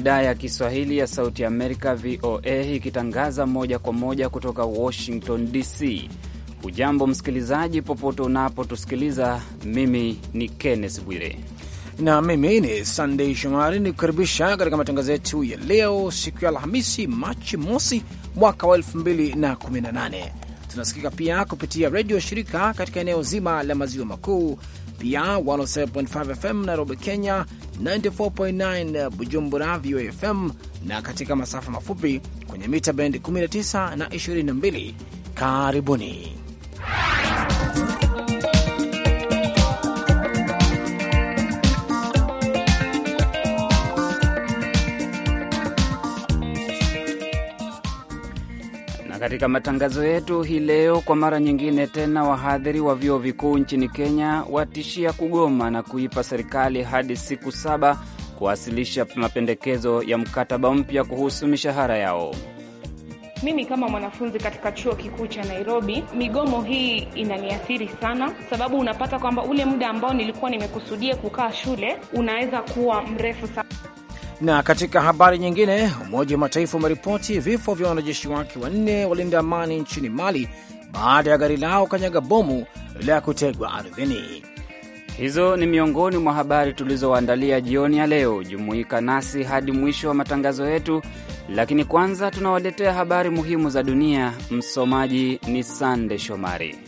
idhaa ya Kiswahili ya Sauti Amerika, VOA, ikitangaza moja kwa moja kutoka Washington DC. Hujambo msikilizaji, popote unapotusikiliza. Mimi ni Kenneth Bwire na mimi ni Sandei Shomari, ni kukaribisha katika matangazo yetu ya leo, siku ya Alhamisi, Machi mosi mwaka wa 2018. Tunasikika pia kupitia redio shirika katika eneo zima la maziwa makuu, pia 107.5 FM Nairobi, Kenya, 94.9 eh, Bujumbura VOA FM na katika masafa mafupi kwenye mita bendi 19 na 22. Karibuni. katika matangazo yetu hii leo, kwa mara nyingine tena, wahadhiri wa vyuo vikuu nchini Kenya watishia kugoma na kuipa serikali hadi siku saba kuwasilisha mapendekezo ya mkataba mpya kuhusu mishahara yao. Mimi kama mwanafunzi katika chuo kikuu cha Nairobi, migomo hii inaniathiri sana, sababu unapata kwamba ule muda ambao nilikuwa nimekusudia kukaa shule unaweza kuwa mrefu sana. Na katika habari nyingine, Umoja wa Mataifa umeripoti vifo vya wanajeshi wake wanne walinda amani nchini Mali baada ya gari lao kanyaga bomu la kutegwa ardhini. Hizo ni miongoni mwa habari tulizoandalia jioni ya leo. Jumuika nasi hadi mwisho wa matangazo yetu, lakini kwanza tunawaletea habari muhimu za dunia. Msomaji ni Sande Shomari.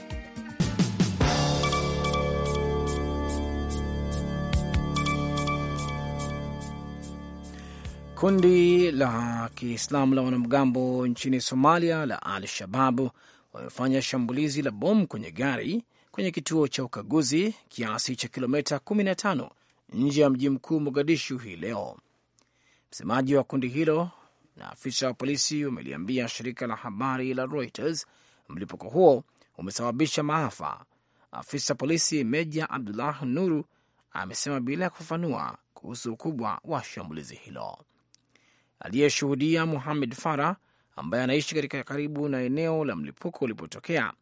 Kundi la Kiislamu la wanamgambo nchini Somalia la Al Shababu wamefanya shambulizi la bomu kwenye gari kwenye kituo cha ukaguzi kiasi cha kilomita 15 nje ya mji mkuu Mogadishu hii leo. Msemaji wa kundi hilo na afisa wa polisi wameliambia shirika la habari la Reuters mlipuko huo umesababisha maafa. Afisa polisi Meja Abdullah Nuru amesema bila ya kufafanua kuhusu ukubwa wa shambulizi hilo aliyeshuhudia Muhamed Farah ambaye anaishi katika karibu na eneo la mlipuko ulipotokea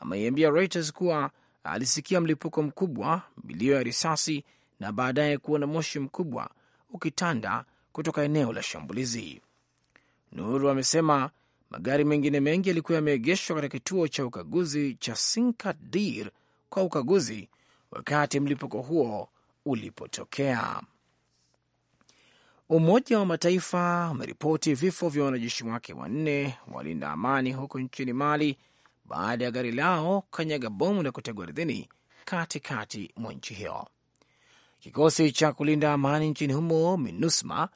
ameiambia Reuters kuwa alisikia mlipuko mkubwa, milio ya risasi na baadaye kuona moshi mkubwa ukitanda kutoka eneo la shambulizi. Nuru amesema magari mengine mengi yalikuwa yameegeshwa katika kituo cha ukaguzi cha sinka dir kwa ukaguzi wakati mlipuko huo ulipotokea. Umoja wa Mataifa umeripoti vifo vya wanajeshi wake wanne walinda amani huko nchini Mali baada ya gari lao kanyaga bomu na kutegwa ardhini katikati mwa nchi hiyo. Kikosi cha kulinda amani nchini humo MINUSMA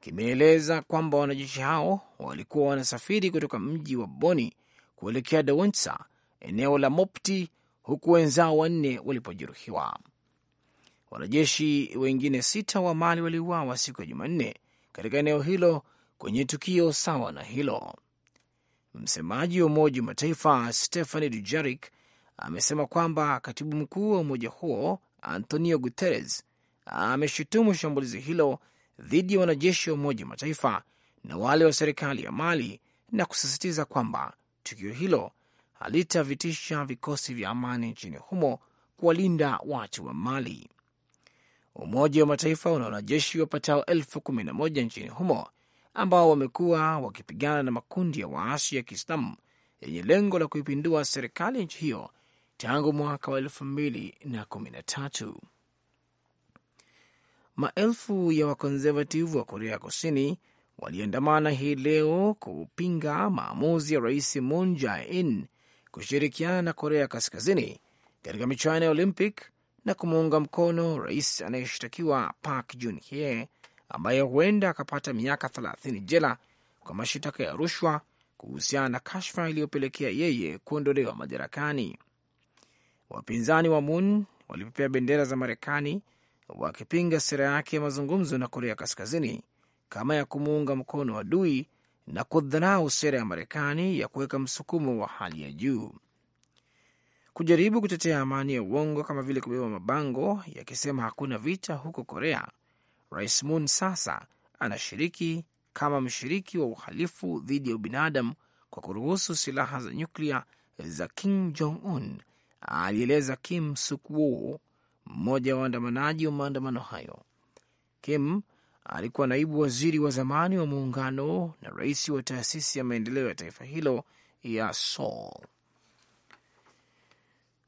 kimeeleza kwamba wanajeshi hao walikuwa wanasafiri kutoka mji wa Boni kuelekea Dawensa, eneo la Mopti, huku wenzao wanne walipojeruhiwa. Wanajeshi wengine sita wa Mali waliuawa siku ya Jumanne katika eneo hilo kwenye tukio sawa na hilo. Msemaji wa Umoja wa Mataifa stephani Dujarik amesema kwamba katibu mkuu wa umoja huo Antonio Guterres ameshutumu shambulizi hilo dhidi ya wanajeshi wa Umoja wa Mataifa na wale wa serikali ya Mali na kusisitiza kwamba tukio hilo halitavitisha vikosi vya amani nchini humo kuwalinda watu wa Mali. Umoja wa Mataifa una wanajeshi wapatao elfu kumi na moja nchini humo ambao wamekuwa wakipigana na makundi ya waasi ya Kiislamu yenye lengo la kuipindua serikali ya nchi hiyo tangu mwaka wa elfu mbili na kumi na tatu. Maelfu ya wakonservativu wa Korea Kusini waliandamana hii leo kupinga maamuzi ya rais Moon Jae-in kushirikiana na Korea Kaskazini katika michuano ya Olympic na kumuunga mkono rais anayeshtakiwa Park Geun-hye ambaye huenda akapata miaka 30 jela kwa mashitaka ya rushwa kuhusiana na kashfa iliyopelekea yeye kuondolewa madarakani. Wapinzani wa Moon walipepea bendera za Marekani wakipinga sera yake ya mazungumzo na Korea Kaskazini kama ya kumuunga mkono adui na kudharau sera ya Marekani ya kuweka msukumo wa hali ya juu kujaribu kutetea amani ya uongo kama vile kubeba mabango yakisema hakuna vita huko Korea. Rais Moon sasa anashiriki kama mshiriki wa uhalifu dhidi ya ubinadamu kwa kuruhusu silaha za nyuklia za Kim Jong Un, alieleza Kim sukwu mmoja wa waandamanaji wa maandamano hayo. Kim alikuwa naibu waziri wa zamani wa muungano na rais wa taasisi ya maendeleo ya taifa hilo ya Seoul.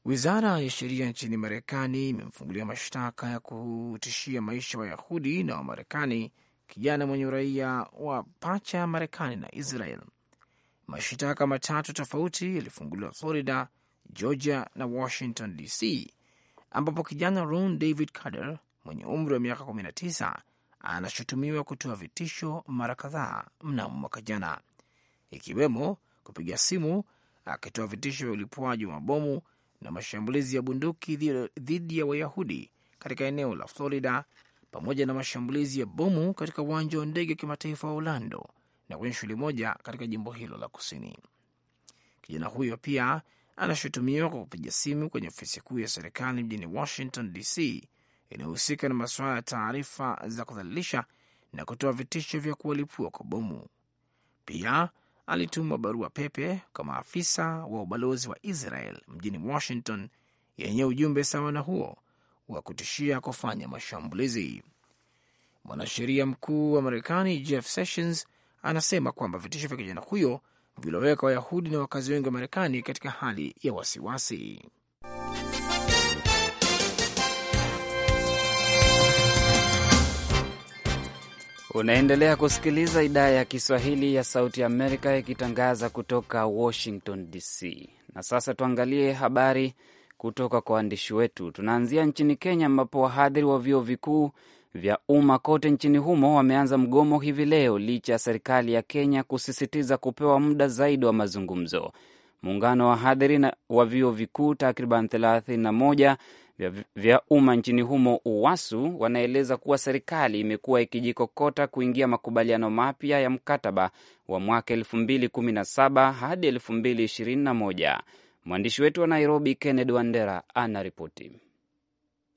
Wizara ya sheria nchini Marekani imemfungulia mashtaka ya kutishia maisha Wayahudi na Wamarekani kijana mwenye uraia wa pacha ya Marekani na Israel. Mashtaka matatu tofauti yalifunguliwa Florida, Georgia na Washington DC, ambapo kijana Ron David Cader mwenye umri wa miaka 19 anashutumiwa kutoa vitisho mara kadhaa mnamo mwaka jana, ikiwemo kupiga simu akitoa vitisho vya ulipuaji wa mabomu na mashambulizi ya bunduki dhidi ya Wayahudi katika eneo la Florida pamoja na mashambulizi ya bomu katika uwanja wa ndege wa kimataifa wa Orlando na kwenye shule moja katika jimbo hilo la kusini. Kijana huyo pia anashutumiwa kwa kupiga simu kwenye ofisi kuu ya serikali mjini Washington DC inayohusika na masuala ya taarifa za kudhalilisha na kutoa vitisho vya kuwalipua kwa bomu. Pia alituma barua pepe kwa maafisa wa ubalozi wa Israel mjini Washington yenye ujumbe sawa na huo wa kutishia kufanya mashambulizi. Mwanasheria mkuu wa Marekani Jeff Sessions anasema kwamba vitisho vya kijana huyo viliweka Wayahudi na wakazi wengi wa Marekani katika hali ya wasiwasi. Unaendelea kusikiliza idhaa ya Kiswahili ya Sauti Amerika ikitangaza kutoka Washington DC. Na sasa tuangalie habari kutoka kwa waandishi wetu. Tunaanzia nchini Kenya, ambapo wahadhiri wa vyuo vikuu vya umma kote nchini humo wameanza mgomo hivi leo licha ya serikali ya Kenya kusisitiza kupewa muda zaidi wa mazungumzo. Muungano wa wahadhiri wa vyuo vikuu takriban 31 vya, vya umma nchini humo UWASU wanaeleza kuwa serikali imekuwa ikijikokota kuingia makubaliano mapya ya mkataba wa mwaka 2017 hadi 2021. Mwandishi wetu wa Nairobi Kennedy Wandera anaripoti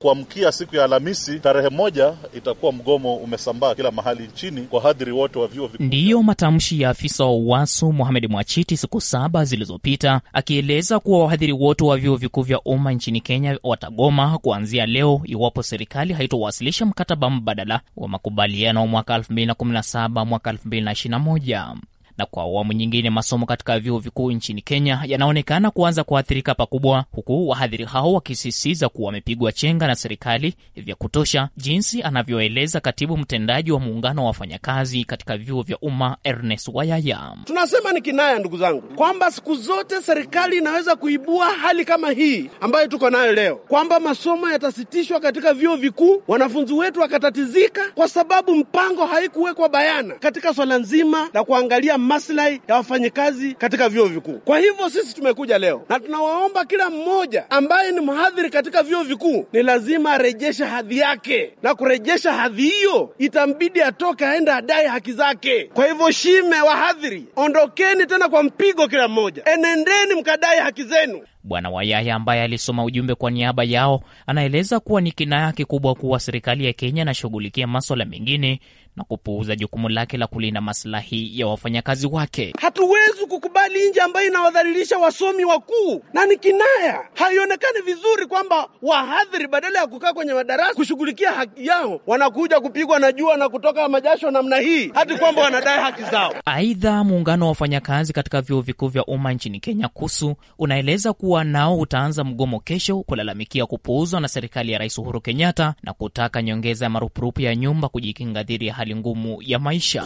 kuamkia siku ya Alhamisi tarehe moja itakuwa mgomo umesambaa kila mahali nchini kwa hadhiri wote wa vyuo vikuu. Ndiyo matamshi ya afisa wa UWASU Mohamed Mwachiti siku saba zilizopita, akieleza kuwa wahadhiri wote wa vyuo vikuu vya umma nchini Kenya watagoma kuanzia leo iwapo serikali haitowasilisha mkataba mbadala wa makubaliano mwaka 2017 mwaka 2021 na kwa awamu nyingine masomo katika vyuo vikuu nchini Kenya yanaonekana kuanza kuathirika pakubwa, huku wahadhiri hao wakisisitiza kuwa wamepigwa chenga na serikali vya kutosha, jinsi anavyoeleza katibu mtendaji wa muungano wa wafanyakazi katika vyuo vya umma Ernest Wayaya. Tunasema ni kinaya, ndugu zangu, kwamba siku zote serikali inaweza kuibua hali kama hii ambayo tuko nayo leo, kwamba masomo yatasitishwa katika vyuo vikuu, wanafunzi wetu wakatatizika kwa sababu mpango haikuwekwa bayana katika swala nzima la kuangalia maslahi ya wafanyikazi katika vyuo vikuu. Kwa hivyo sisi tumekuja leo na tunawaomba kila mmoja ambaye ni mhadhiri katika vyuo vikuu ni lazima arejeshe hadhi yake, na kurejesha hadhi hiyo itambidi atoke aende adai haki zake. Kwa hivyo, shime wahadhiri, ondokeni tena kwa mpigo, kila mmoja, enendeni mkadai haki zenu. Bwana Wayaya ambaye alisoma ujumbe kwa niaba yao anaeleza kuwa ni kinaya kikubwa kuwa serikali ya Kenya inashughulikia maswala mengine na kupuuza jukumu lake la kulinda masilahi ya wafanyakazi wake. Hatuwezi kukubali nje ambayo inawadhalilisha wasomi wakuu na ni kinaya. Haionekani vizuri kwamba wahadhiri badala ya kukaa kwenye madarasa kushughulikia haki yao wanakuja kupigwa na jua na kutoka majasho namna hii, hati kwamba wanadai haki zao. Aidha, muungano wa wafanyakazi katika vyuo vikuu vya umma nchini Kenya KUSU unaeleza kuwa kuwa nao utaanza mgomo kesho kulalamikia kupuuzwa na serikali ya Rais Uhuru Kenyatta na kutaka nyongeza ya marupurupu ya nyumba kujikinga dhidi ya hali ngumu ya maisha.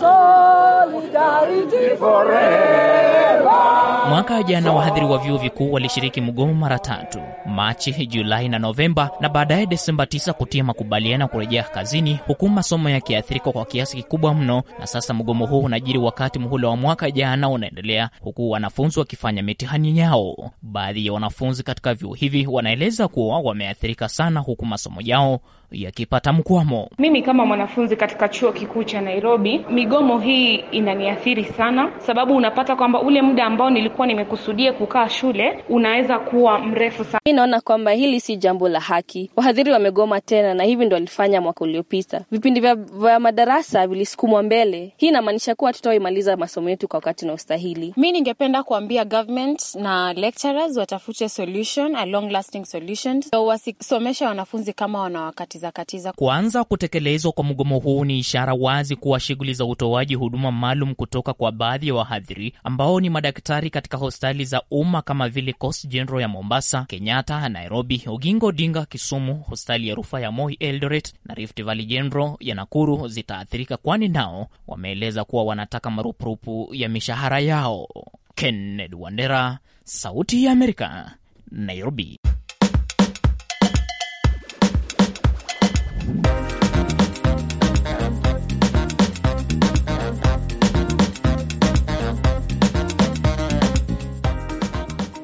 Mwaka jana wahadhiri wa vyuo vikuu walishiriki mgomo mara tatu, Machi, Julai na Novemba, na baadaye Desemba 9 kutia makubaliano kurejea kazini, huku masomo yakiathirika kwa kiasi kikubwa mno. Na sasa mgomo huu unajiri wakati muhula wa mwaka jana unaendelea, huku wanafunzi wakifanya mitihani yao. Baadhi ya wanafunzi katika vyuo hivi wanaeleza kuwa wameathirika sana, huku masomo yao yakipata mkwamo. Mimi kama mwanafunzi katika chuo kikuu cha Nairobi, migomo hii inaniathiri sana, sababu unapata kwamba ule muda ambao nilikuwa nimekusudia kukaa shule unaweza kuwa mrefu sana. Mi naona kwamba hili si jambo la haki. Wahadhiri wamegoma tena, na hivi ndo walifanya mwaka uliopita. Vipindi vya, vya madarasa vilisukumwa mbele. Hii inamaanisha kuwa tutawaimaliza masomo yetu kwa wakati na ustahili Mi ningependa kuambia government na lecturers watafute solution, a long lasting solution, so wasisomesha wanafunzi kama wana wakati katiza katiza. Kuanza kutekelezwa kwa mgomo huu ni ishara wazi kuwa shughuli za utoaji huduma maalum kutoka kwa baadhi ya wa wahadhiri ambao ni madaktari katika hospitali za umma kama vile Coast General ya Mombasa, Kenyatta, Nairobi, Oginga Odinga, Kisumu, hospitali ya rufaa ya Moi Eldoret na Rift Valley General ya Nakuru zitaathirika, kwani nao wameeleza kuwa wanataka marupurupu ya mishahara yao. Kenneth Wandera, Sauti ya Amerika, Nairobi.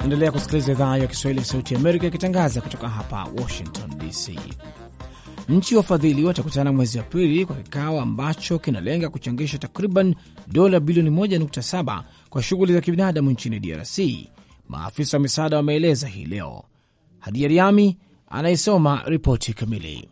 Endelea kusikiliza idhaa ya Kiswahili ya Sauti ya Amerika ikitangaza kutoka hapa Washington DC. Nchi wafadhili watakutana mwezi Aprili kwa kikao ambacho kinalenga kuchangisha takriban dola bilioni 1.7 kwa shughuli za kibinadamu nchini DRC, maafisa wa misaada wameeleza hii leo. Hadi Yariami anaisoma ripoti kamili.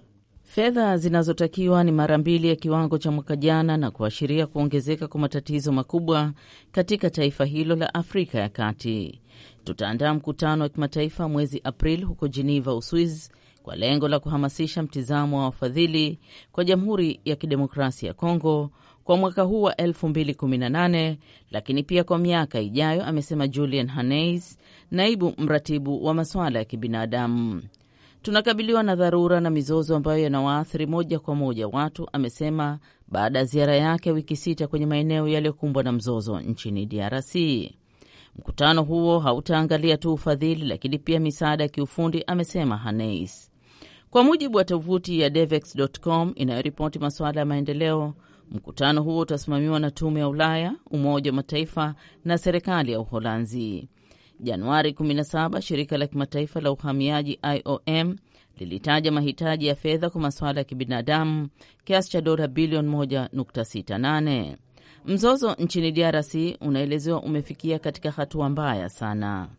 Fedha zinazotakiwa ni mara mbili ya kiwango cha mwaka jana na kuashiria kuongezeka kwa matatizo makubwa katika taifa hilo la Afrika ya Kati. Tutaandaa mkutano wa kimataifa mwezi Aprili huko Geneva, Uswizi kwa lengo la kuhamasisha mtizamo wa wafadhili kwa Jamhuri ya Kidemokrasia ya Kongo kwa mwaka huu wa 2018 lakini pia kwa miaka ijayo, amesema Julian haneis naibu mratibu wa masuala ya kibinadamu. Tunakabiliwa na dharura na mizozo ambayo yanawaathiri moja kwa moja watu, amesema baada ya ziara yake wiki sita kwenye maeneo yaliyokumbwa na mzozo nchini DRC. Mkutano huo hautaangalia tu ufadhili, lakini pia misaada ya kiufundi, amesema Haneis. Kwa mujibu wa tovuti ya devex.com inayoripoti masuala ya maendeleo, mkutano huo utasimamiwa na Tume ya Ulaya, Umoja wa Mataifa na serikali ya Uholanzi. Januari 17 shirika la kimataifa la uhamiaji IOM lilitaja mahitaji ya fedha kwa masuala ya kibinadamu kiasi cha dola bilioni 1.68. Mzozo nchini DRC unaelezewa umefikia katika hatua mbaya sana.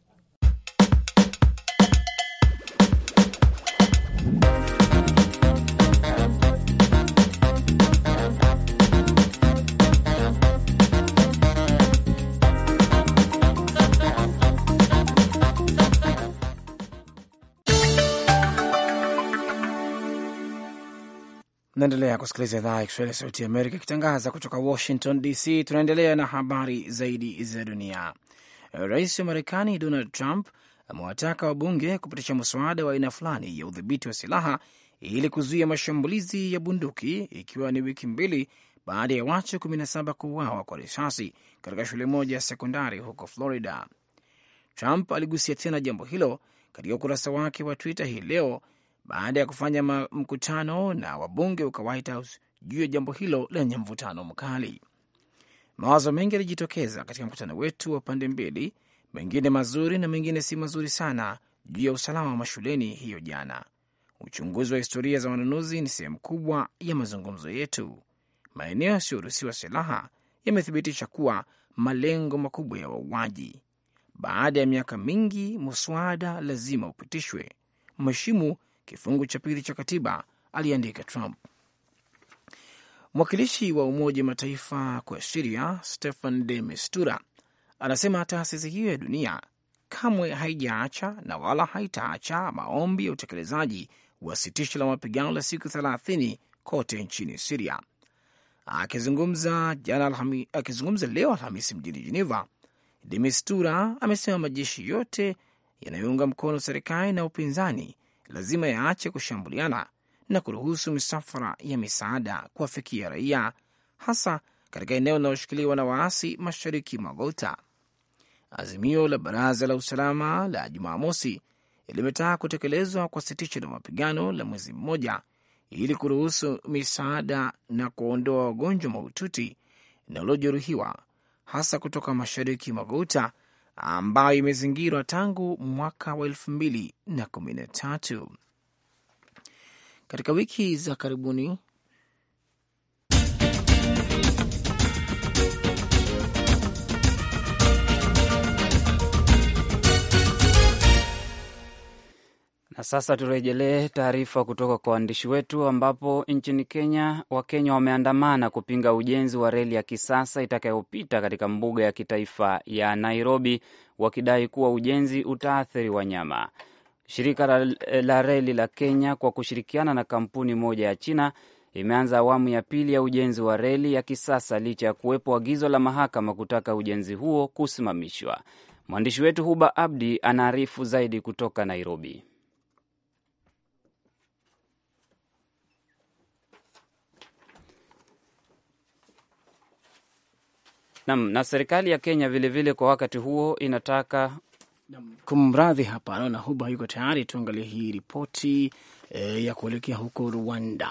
Naendelea kusikiliza idhaa ya Kiswahili ya Sauti ya Amerika ikitangaza kutoka Washington DC. Tunaendelea na habari zaidi za dunia. Rais wa Marekani Donald Trump amewataka wabunge kupitisha mswada wa aina fulani ya udhibiti wa silaha ili kuzuia mashambulizi ya bunduki, ikiwa ni wiki mbili baada ya watu 17 kuuawa kwa risasi katika shule moja ya sekondari huko Florida. Trump aligusia tena jambo hilo katika ukurasa wake wa Twitter hii leo baada ya kufanya mkutano na wabunge wa White House juu ya jambo hilo lenye mvutano mkali. Mawazo mengi yalijitokeza katika mkutano wetu wa pande mbili, mengine mazuri na mengine si mazuri sana, juu ya usalama wa mashuleni hiyo jana. Uchunguzi wa historia za wanunuzi ni sehemu kubwa ya mazungumzo yetu. Maeneo yasiyoruhusiwa silaha yamethibitisha kuwa malengo makubwa ya wauaji. Baada ya miaka mingi, muswada lazima upitishwe. Mheshimu kifungu cha pili cha katiba, aliandika Trump. Mwakilishi wa Umoja wa Mataifa kwa Siria Stefan de Mistura anasema taasisi hiyo ya dunia kamwe haijaacha na wala haitaacha maombi ya utekelezaji wa sitisho la mapigano la siku thelathini kote nchini Siria. Akizungumza akizungumza leo Alhamisi mjini Geneva, de Mistura amesema majeshi yote yanayounga mkono serikali na upinzani lazima yaache kushambuliana na kuruhusu misafara ya misaada kuwafikia raia, hasa katika eneo linaloshikiliwa na waasi mashariki mwa Ghouta. Azimio la Baraza la Usalama la Jumamosi limetaka kutekelezwa kwa sitisho la mapigano la mwezi mmoja ili kuruhusu misaada na kuondoa wagonjwa mahututi na waliojeruhiwa hasa kutoka mashariki mwa Ghouta ambayo imezingirwa tangu mwaka wa elfu mbili na kumi na tatu. Katika wiki za karibuni Na sasa turejelee taarifa kutoka kwa waandishi wetu, ambapo nchini Kenya Wakenya wameandamana kupinga ujenzi wa reli ya kisasa itakayopita katika mbuga ya kitaifa ya Nairobi, wakidai kuwa ujenzi utaathiri wanyama. Shirika la, la reli la Kenya kwa kushirikiana na kampuni moja ya China imeanza awamu ya pili ya ujenzi wa reli ya kisasa licha ya kuwepo agizo la mahakama kutaka ujenzi huo kusimamishwa. Mwandishi wetu Huba Abdi anaarifu zaidi kutoka Nairobi. Naam, na serikali ya Kenya vilevile vile kwa wakati huo inataka kumradhi, hapa anaona Huba yuko tayari. Tuangalie hii ripoti e, ya kuelekea huko Rwanda.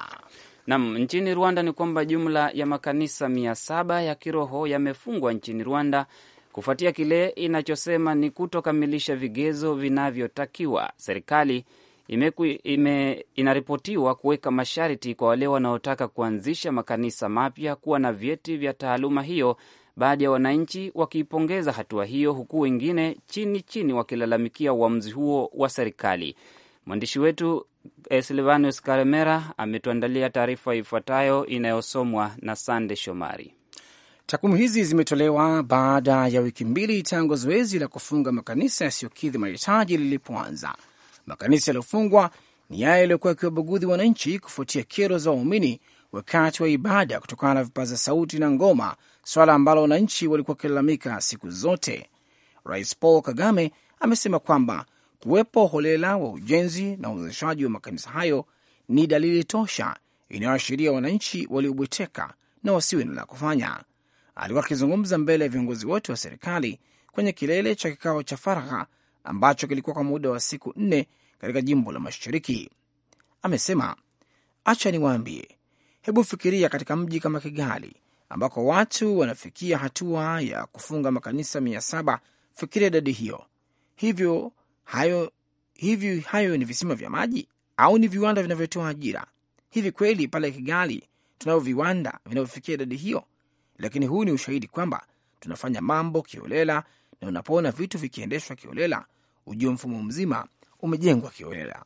Naam, nchini Rwanda ni kwamba jumla ya makanisa mia saba ya kiroho yamefungwa nchini Rwanda kufuatia kile inachosema ni kutokamilisha vigezo vinavyotakiwa. Serikali ime, inaripotiwa kuweka masharti kwa wale wanaotaka kuanzisha makanisa mapya kuwa na vyeti vya taaluma hiyo baadhi ya wananchi wakiipongeza hatua hiyo, huku wengine chini chini wakilalamikia uamuzi huo wa serikali. Mwandishi wetu eh, Silvanus Karemera ametuandalia taarifa ifuatayo inayosomwa na Sande Shomari. Takwimu hizi zimetolewa baada ya wiki mbili tangu zoezi la kufunga makanisa yasiyokidhi mahitaji lilipoanza. Makanisa yaliyofungwa ni yaye yaliyokuwa yakiwabugudhi wananchi kufuatia kero za waumini wakati wa ibada kutokana na vipaza sauti na ngoma swala ambalo wananchi walikuwa wakilalamika siku zote. Rais Paul Kagame amesema kwamba kuwepo holela wa ujenzi na uwezeshaji wa makanisa hayo ni dalili tosha inayoashiria wananchi waliobweteka na wasiwe na la kufanya. Alikuwa akizungumza mbele ya viongozi wote wa serikali kwenye kilele cha kikao cha faragha ambacho kilikuwa kwa muda wa siku nne katika jimbo la Mashariki. Amesema, acha niwaambie, hebu fikiria katika mji kama Kigali ambako watu wanafikia hatua ya kufunga makanisa mia saba. Fikiria idadi hiyo. Hivyo hayo, hivyo hayo ni visima vya maji au ni viwanda vinavyotoa ajira? Hivi kweli pale Kigali tunavyo viwanda vinavyofikia idadi hiyo? Lakini huu ni ushahidi kwamba tunafanya mambo kiolela, na unapoona vitu vikiendeshwa kiolela, ujue mfumo mzima umejengwa kiolela.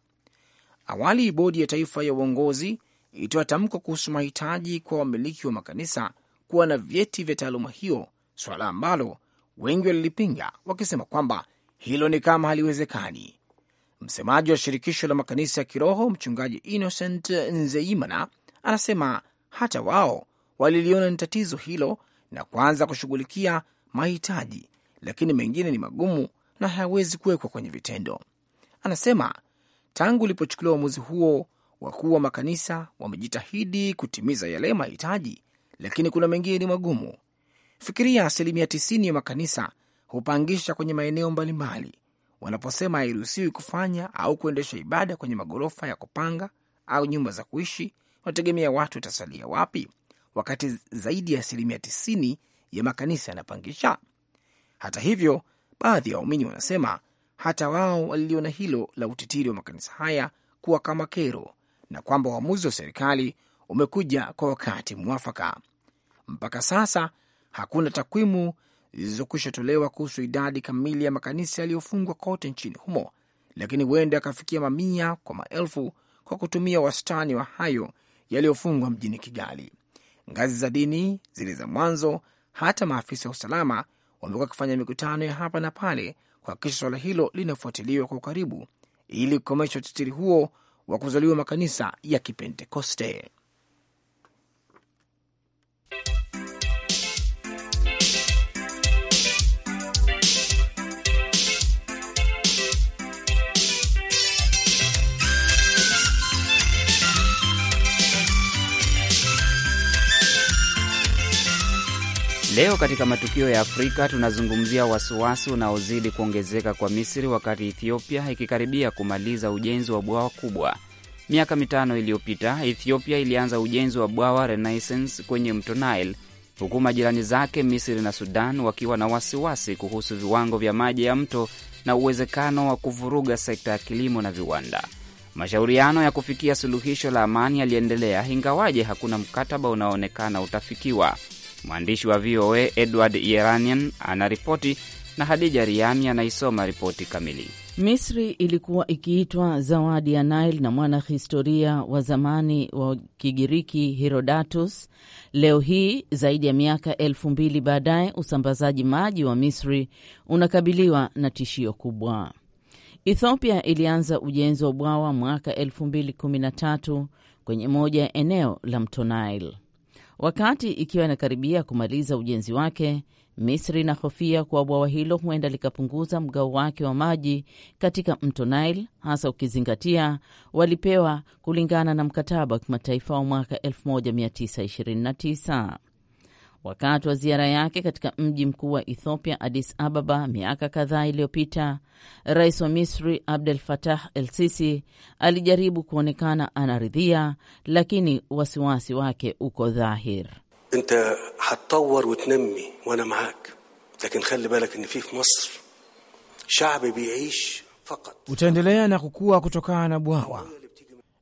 Awali bodi ya taifa ya uongozi ilitoa tamko kuhusu mahitaji kwa wamiliki wa makanisa kuwa na vyeti vya taaluma hiyo, suala ambalo wengi walilipinga wakisema kwamba hilo ni kama haliwezekani. Msemaji wa shirikisho la makanisa ya kiroho mchungaji Innocent Nzeimana anasema hata wao waliliona ni tatizo hilo na kuanza kushughulikia mahitaji, lakini mengine ni magumu na hayawezi kuwekwa kwenye vitendo. Anasema tangu ulipochukuliwa uamuzi huo, wakuu wa makanisa wamejitahidi kutimiza yale mahitaji lakini kuna mengine ni magumu. Fikiria, asilimia tisini ya makanisa hupangisha kwenye maeneo mbalimbali wanaposema hairuhusiwi kufanya au kuendesha ibada kwenye magorofa ya kupanga au nyumba za kuishi. Wanategemea watu watasalia wapi, wakati zaidi ya asilimia tisini ya makanisa yanapangisha? Hata hivyo, baadhi ya waumini wanasema hata wao waliliona hilo la utitiri wa makanisa haya kuwa kama kero na kwamba uamuzi wa serikali umekuja kwa wakati mwafaka. Mpaka sasa hakuna takwimu zilizokwisha tolewa kuhusu idadi kamili ya makanisa yaliyofungwa kote nchini humo, lakini huenda akafikia mamia kwa maelfu kwa kutumia wastani wa hayo yaliyofungwa mjini Kigali. Ngazi za dini zile za mwanzo, hata maafisa wa usalama wamekuwa wakifanya mikutano ya hapa na pale kuhakikisha swala hilo linafuatiliwa kwa ukaribu ili kukomesha utitiri huo wa kuzaliwa makanisa ya Kipentekoste. Leo katika matukio ya Afrika tunazungumzia wasiwasi unaozidi kuongezeka kwa Misri wakati Ethiopia ikikaribia kumaliza ujenzi wa bwawa kubwa. Miaka mitano iliyopita Ethiopia ilianza ujenzi wa bwawa Renaissance kwenye mto Nile, huku majirani zake Misri na Sudan wakiwa na wasiwasi kuhusu viwango vya maji ya mto na uwezekano wa kuvuruga sekta ya kilimo na viwanda. Mashauriano ya kufikia suluhisho la amani yaliendelea, ingawaje hakuna mkataba unaoonekana utafikiwa. Mwandishi wa VOA Edward Yeranian anaripoti na Hadija Riami anaisoma ripoti kamili. Misri ilikuwa ikiitwa zawadi ya Nile na mwanahistoria wa zamani wa Kigiriki Herodatus. Leo hii zaidi ya miaka elfu mbili baadaye, usambazaji maji wa Misri unakabiliwa na tishio kubwa. Ethiopia ilianza ujenzi wa bwawa mwaka elfu mbili kumi na tatu kwenye moja ya eneo la mto Nile wakati ikiwa inakaribia kumaliza ujenzi wake. Misri inahofia kuwa bwawa hilo huenda likapunguza mgao wake wa maji katika mto Nile, hasa ukizingatia walipewa kulingana na mkataba wa kimataifa wa mwaka 1929 wakati wa ziara yake katika mji mkuu wa Ethiopia, Addis Ababa, miaka kadhaa iliyopita, rais wa Misri Abdel Fattah El Sisi alijaribu kuonekana anaridhia, lakini wasiwasi wake uko dhahir. inta hatawar wtnami wana maak khali balak in fi biish fakat, utaendelea na kukua kutokana na bwawa,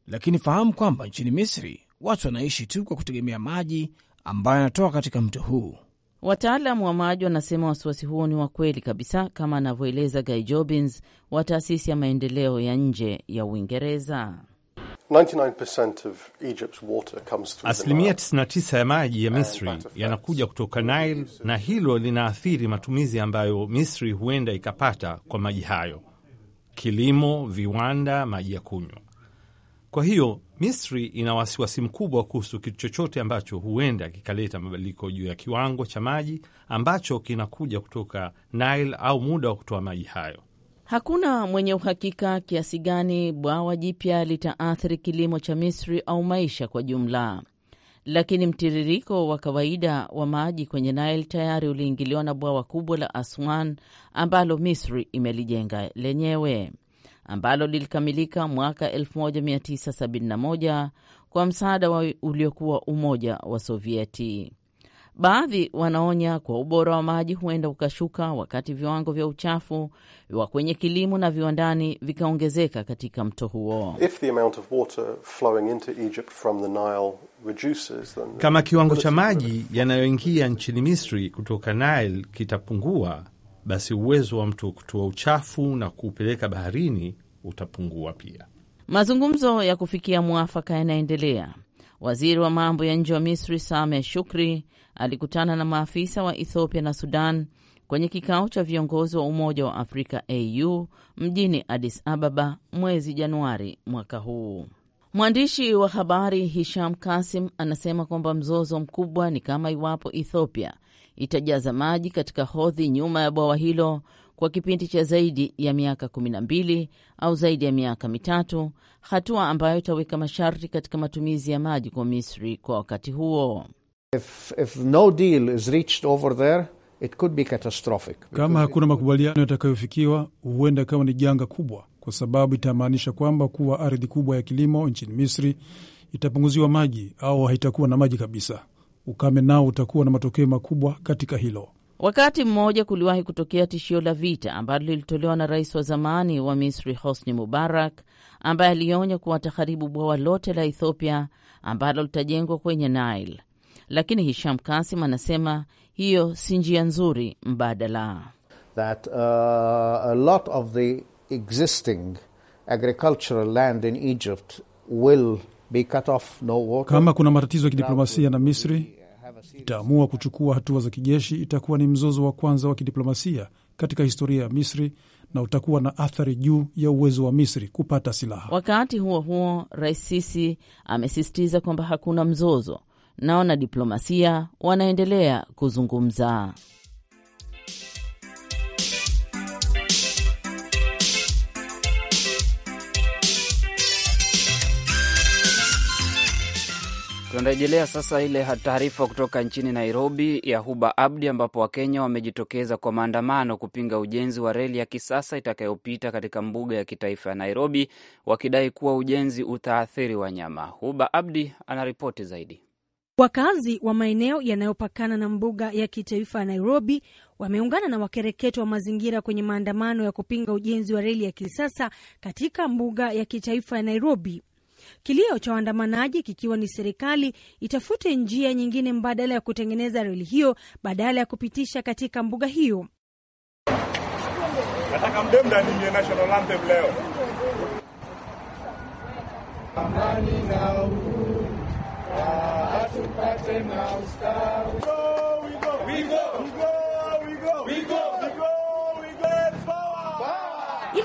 lakini fahamu kwamba nchini Misri watu wanaishi tu kwa kutegemea maji ambayo yanatoka katika mto huu. Wataalamu wa maji wanasema wasiwasi huo ni wa kweli kabisa, kama anavyoeleza Guy Jobins wa taasisi ya maendeleo ya nje ya Uingereza. Asilimia 99 ya maji ya Misri yanakuja kutoka Nile na hilo linaathiri matumizi ambayo Misri huenda ikapata kwa maji hayo: kilimo, viwanda, maji ya kunywa. Kwa hiyo Misri ina wasiwasi mkubwa kuhusu kitu chochote ambacho huenda kikaleta mabadiliko juu ya kiwango cha maji ambacho kinakuja kutoka Nile au muda wa kutoa maji hayo. Hakuna mwenye uhakika kiasi gani bwawa jipya litaathiri kilimo cha Misri au maisha kwa jumla, lakini mtiririko wa kawaida wa maji kwenye Nile tayari uliingiliwa na bwawa kubwa la Aswan ambalo Misri imelijenga lenyewe ambalo lilikamilika mwaka 1971 kwa msaada wa uliokuwa Umoja wa Sovieti. Baadhi wanaonya kwa ubora wa maji huenda ukashuka wakati viwango vya uchafu wa kwenye kilimo na viwandani vikaongezeka katika mto huo. Kama kiwango cha maji yanayoingia nchini Misri kutoka Nile kitapungua basi uwezo wa mtu kutoa uchafu na kuupeleka baharini utapungua pia. Mazungumzo ya kufikia mwafaka yanaendelea. Waziri wa mambo ya nje wa Misri Sameh Shukri alikutana na maafisa wa Ethiopia na Sudan kwenye kikao cha viongozi wa Umoja wa Afrika au mjini Addis Ababa mwezi Januari mwaka huu. Mwandishi wa habari Hisham Kasim anasema kwamba mzozo mkubwa ni kama iwapo Ethiopia itajaza maji katika hodhi nyuma ya bwawa hilo kwa kipindi cha zaidi ya miaka kumi na mbili au zaidi ya miaka mitatu, hatua ambayo itaweka masharti katika matumizi ya maji kwa Misri kwa wakati huo. If, if no deal is reached over there, it could be catastrophic. Kama hakuna makubaliano yatakayofikiwa, huenda kama ni janga kubwa, kwa sababu itamaanisha kwamba kuwa ardhi kubwa ya kilimo nchini Misri itapunguziwa maji au haitakuwa na maji kabisa. Ukame nao utakuwa na matokeo makubwa katika hilo. Wakati mmoja kuliwahi kutokea tishio la vita ambalo lilitolewa na rais wa zamani wa Misri Hosni Mubarak, ambaye alionya kuwa ataharibu bwawa lote la Ethiopia ambalo litajengwa kwenye Nile. Lakini Hisham Kasim anasema hiyo si njia nzuri mbadala. That, uh, a lot of the existing agricultural land in Egypt will be cut off, no water. Kama kuna matatizo ya kidiplomasia na Misri itaamua kuchukua hatua za kijeshi, itakuwa ni mzozo wa kwanza wa kidiplomasia katika historia ya Misri na utakuwa na athari juu ya uwezo wa Misri kupata silaha. Wakati huo huo, Rais Sisi amesisitiza kwamba hakuna mzozo na wanadiplomasia wanaendelea kuzungumza. Tunarejelea sasa ile taarifa kutoka nchini Nairobi ya Huba Abdi, ambapo Wakenya wamejitokeza kwa maandamano kupinga ujenzi wa reli ya kisasa itakayopita katika mbuga ya kitaifa ya Nairobi, wakidai kuwa ujenzi utaathiri wanyama. Huba Abdi anaripoti zaidi. Wakazi wa maeneo yanayopakana na mbuga ya kitaifa ya Nairobi wameungana na wakereketo wa mazingira kwenye maandamano ya kupinga ujenzi wa reli ya kisasa katika mbuga ya kitaifa ya Nairobi kilio cha waandamanaji kikiwa ni serikali itafute njia nyingine mbadala ya kutengeneza reli hiyo badala ya kupitisha katika mbuga hiyo. Nataka mdemda national anthem leo. Amani na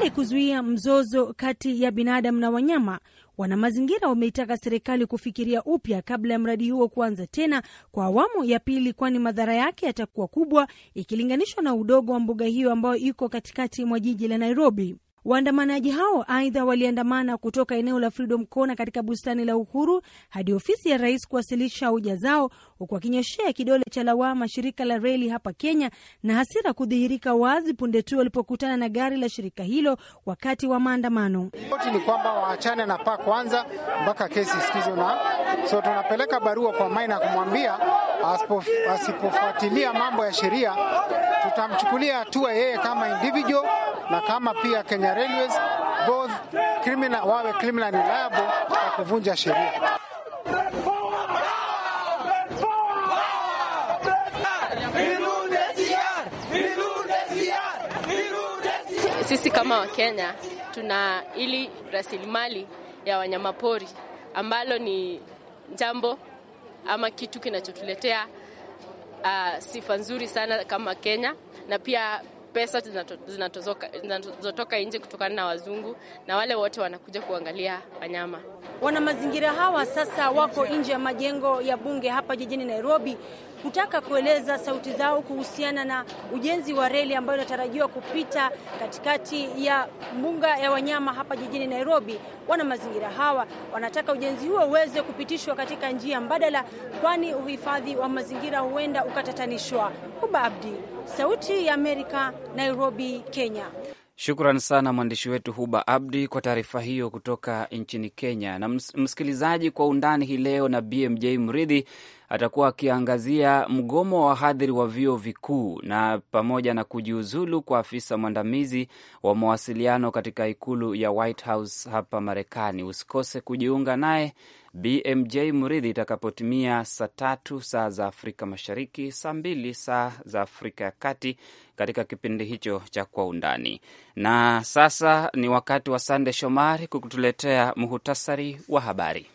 Ili kuzuia mzozo kati ya binadamu na wanyama Wanamazingira wameitaka serikali kufikiria upya kabla ya mradi huo kuanza tena kwa awamu ya pili, kwani madhara yake yatakuwa kubwa ikilinganishwa na udogo wa mbuga hiyo ambayo iko katikati mwa jiji la Nairobi. Waandamanaji hao aidha waliandamana kutoka eneo la Freedom Corner katika bustani la Uhuru hadi ofisi ya rais kuwasilisha hoja zao, huku wakinyoshea kidole cha lawama shirika la reli hapa Kenya na hasira kudhihirika wazi punde tu walipokutana na gari la shirika hilo wakati wa maandamano. Ripoti ni kwamba waachane na paa kwanza mpaka kesi isikizwe, na so tunapeleka barua kwa Maina kumwambia asipofuatilia mambo ya sheria tutamchukulia hatua yeye kama individual na kama pia Kenya Railways both criminal, wawe criminal liable kwa kuvunja sheria. Sisi kama Wakenya tuna ili rasilimali ya wanyamapori ambalo ni jambo ama kitu kinachotuletea uh, sifa nzuri sana kama Kenya na pia pesa zinazotoka nje kutokana na wazungu na wale wote wanakuja kuangalia wanyama. Wana mazingira hawa sasa wako nje ya majengo ya bunge hapa jijini Nairobi kutaka kueleza sauti zao kuhusiana na ujenzi wa reli ambayo inatarajiwa kupita katikati ya mbuga ya wanyama hapa jijini Nairobi. Wana mazingira hawa wanataka ujenzi huo uweze kupitishwa katika njia mbadala, kwani uhifadhi wa mazingira huenda ukatatanishwa. Kuba Abdi, Sauti ya Amerika, Nairobi, Kenya. Shukran sana mwandishi wetu Huba Abdi kwa taarifa hiyo kutoka nchini Kenya. Na msikilizaji, kwa undani hii leo na BMJ Mridhi atakuwa akiangazia mgomo wa wahadhiri wa vyuo vikuu na pamoja na kujiuzulu kwa afisa mwandamizi wa mawasiliano katika ikulu ya White House hapa Marekani. Usikose kujiunga naye BMJ Mridhi itakapotimia saa tatu saa za Afrika Mashariki, saa mbili saa za Afrika ya Kati, katika kipindi hicho cha Kwa Undani. Na sasa ni wakati wa Sande Shomari kukutuletea muhutasari wa habari.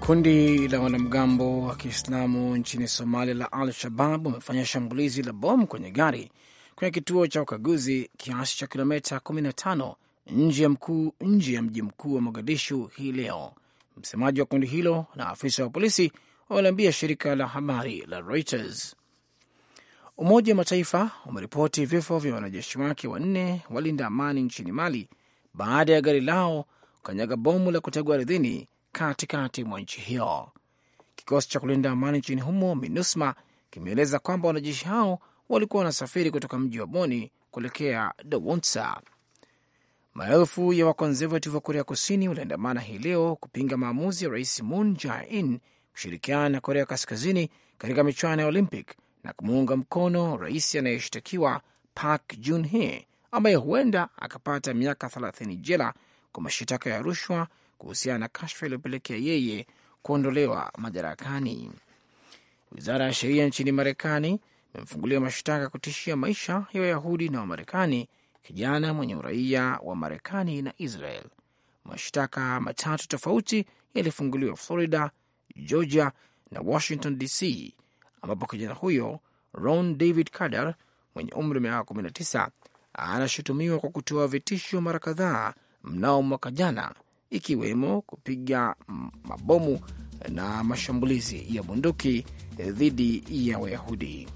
Kundi la wanamgambo wa Kiislamu nchini Somalia la Al Shabab wamefanya shambulizi la bomu kwenye gari kwenye kituo cha ukaguzi kiasi cha kilomita 15 nje ya mji mkuu wa Mogadishu hii leo. Msemaji wa kundi hilo na afisa wa polisi wameliambia shirika la habari la Reuters. Umoja wa Mataifa umeripoti vifo vya wanajeshi wake wanne walinda amani nchini Mali baada ya gari lao kanyaga bomu la kutegwa ardhini katikati mwa nchi hiyo. Kikosi cha kulinda amani nchini humo MINUSMA kimeeleza kwamba wanajeshi hao walikuwa wanasafiri kutoka mji wa Boni kuelekea Dowonsa. Maelfu ya wakonservative wa Korea Kusini waliandamana hii leo kupinga maamuzi ya rais Moon Jae-in kushirikiana na Korea Kaskazini katika michuano ya Olympic na kumuunga mkono rais anayeshtakiwa Park Geun-hye ambaye huenda akapata miaka 30 jela kwa mashitaka ya rushwa kuhusiana na kashfa iliyopelekea yeye kuondolewa madarakani. Wizara ya sheria nchini Marekani amemfungulia mashtaka kutishia maisha ya Wayahudi na Wamarekani kijana mwenye uraia wa Marekani na Israel. Mashtaka matatu tofauti yalifunguliwa Florida, Georgia na Washington DC, ambapo kijana huyo Ron David Kadar mwenye umri wa miaka 19 anashutumiwa kwa kutoa vitisho mara kadhaa mnao mwaka jana, ikiwemo kupiga mabomu na mashambulizi ya bunduki dhidi ya Wayahudi.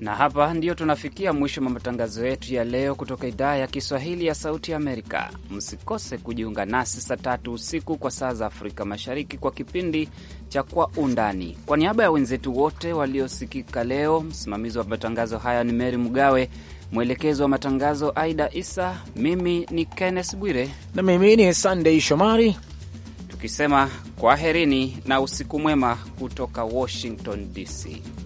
Na hapa ndiyo tunafikia mwisho wa matangazo yetu ya leo kutoka idhaa ya Kiswahili ya Sauti Amerika. Msikose kujiunga nasi saa tatu usiku kwa saa za Afrika Mashariki kwa kipindi cha Kwa Undani. Kwa niaba ya wenzetu wote waliosikika leo, msimamizi wa matangazo haya ni Meri Mgawe, mwelekezi wa matangazo Aida Isa, mimi ni Kenneth Bwire na mimi ni Sandei Shomari, tukisema kwaherini na usiku mwema kutoka Washington DC.